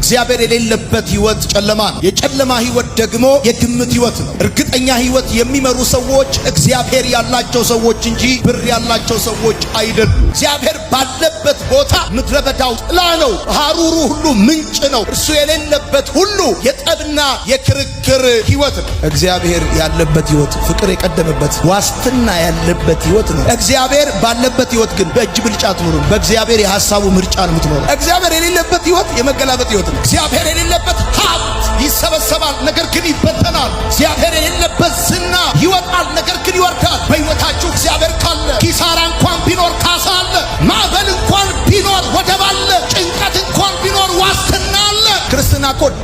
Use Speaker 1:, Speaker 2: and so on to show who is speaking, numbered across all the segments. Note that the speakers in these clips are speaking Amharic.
Speaker 1: እግዚአብሔር የሌለበት ህይወት ጨለማ ነው። የጨለማ ህይወት ደግሞ የግምት ህይወት ነው። እርግጠኛ ህይወት የሚመሩ ሰዎች እግዚአብሔር ያላቸው ሰዎች እንጂ ብር ያላቸው ሰዎች አይደሉም። እግዚአብሔር ባለበት ቦታ ምድረ በዳው ጥላ ነው፣ ሀሩሩ ሁሉ ምንጭ ነው። እርሱ የሌለበት ሁሉ የጠብና የክርክር ህይወት ነው። እግዚአብሔር ያለበት ህይወት ፍቅር የቀደመበት ዋስትና ያለበት ህይወት ነው። እግዚአብሔር ባለበት ህይወት ግን በእጅ ብልጫ አትኖርም። በእግዚአብሔር የሐሳቡ ምርጫ ነው የምትኖረው። እግዚአብሔር የሌለበት ህይወት የመገላበጥ ህይወት እግዚአብሔር የሌለበት ሀብት ይሰበሰባል፣ ነገር ግን ይበተናል። እግዚአብሔር የሌለበት ዝና ይወጣል፣ ነገር ግን ይወርዳል።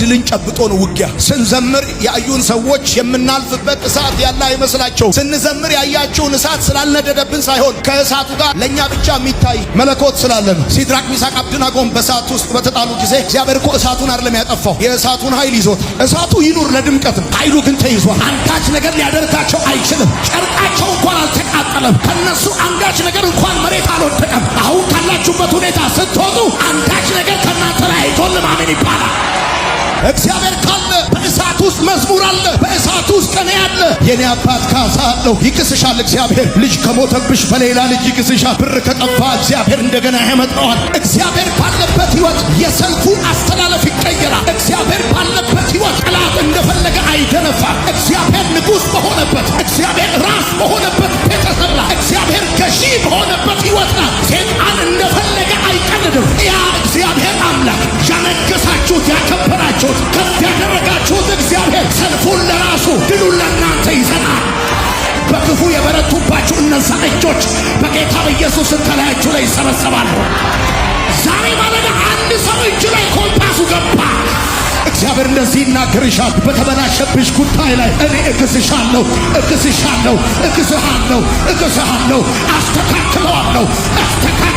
Speaker 1: ድልን ጨብጦ ነው ውጊያ። ስንዘምር ያዩን ሰዎች የምናልፍበት እሳት ያለ አይመስላቸው። ስንዘምር ያያችውን እሳት ስላልነደደብን ሳይሆን ከእሳቱ ጋር ለእኛ ብቻ የሚታይ መለኮት ስላለ ነው። ሲድራቅ ሚሳቅ አብድናጎም በእሳት ውስጥ በተጣሉ ጊዜ እግዚአብሔር እኮ እሳቱን አይደለም ያጠፋው፣ የእሳቱን ኃይል ይዞት። እሳቱ ይኑር ለድምቀት ነው፣ ኃይሉ ግን ተይዟል። አንዳች ነገር ሊያደርጋቸው አይችልም። ጨርቃቸው እንኳን አልተቃጠለም። ከነሱ አንዳች ነገር እንኳን መሬት አልወደቀም። አሁን ካላችሁበት ሁኔታ ስትወጡ አንዳች ነገር ከእናንተ ላይ አይቶልም። አሜን ይባላል። እግዚአብሔር ካለ በእሳት ውስጥ መዝሙር አለ፣ በእሳት ውስጥ ቅኔ አለ። የኔ አባት ካሳ አለው። ይክስሻል እግዚአብሔር። ልጅ ከሞተብሽ በሌላ ልጅ ይክስሻል። ብር ከጠፋ እግዚአብሔር እንደገና ያመጣዋል። እግዚአብሔር ባለበት ሕይወት የሰልፉ አስተላለፍ ይቀየራል። እግዚአብሔር ባለበት ሕይወት ጠላት እንደፈለገ አይደነፋ። እግዚአብሔር ንጉሥ በሆነበት፣ እግዚአብሔር ራስ በሆነበት ቤተሰብ እግዚአብሔር ገዢ በሆነበት ህይወት ላይ እንደፈለገ አይቀልድም። ያ እግዚአብሔር አምላክ ያነገሳችሁት ያከብ ያደረጋችሁት ከፍ ያደረጋችሁት እግዚአብሔር ሰልፉን ለራሱ ድሉን ለእናንተ ይዘናል። በክፉ የበረቱባችሁ እነዛ እጆች በጌታ በኢየሱስ ተለያችሁ ላይ ይሰበሰባሉ። ዛሬ ማለዳ አንድ ሰው እጅ ላይ ኮምፓሱ ገባ። እግዚአብሔር እንደዚህ ይናገርሻል። በተበላሸብሽ ጉዳይ ላይ እኔ እክስሻለሁ፣ እክስሻለሁ፣ እክስሃለሁ፣ እክስሃለሁ፣ አስተካክለዋለሁ፣ አስተካክ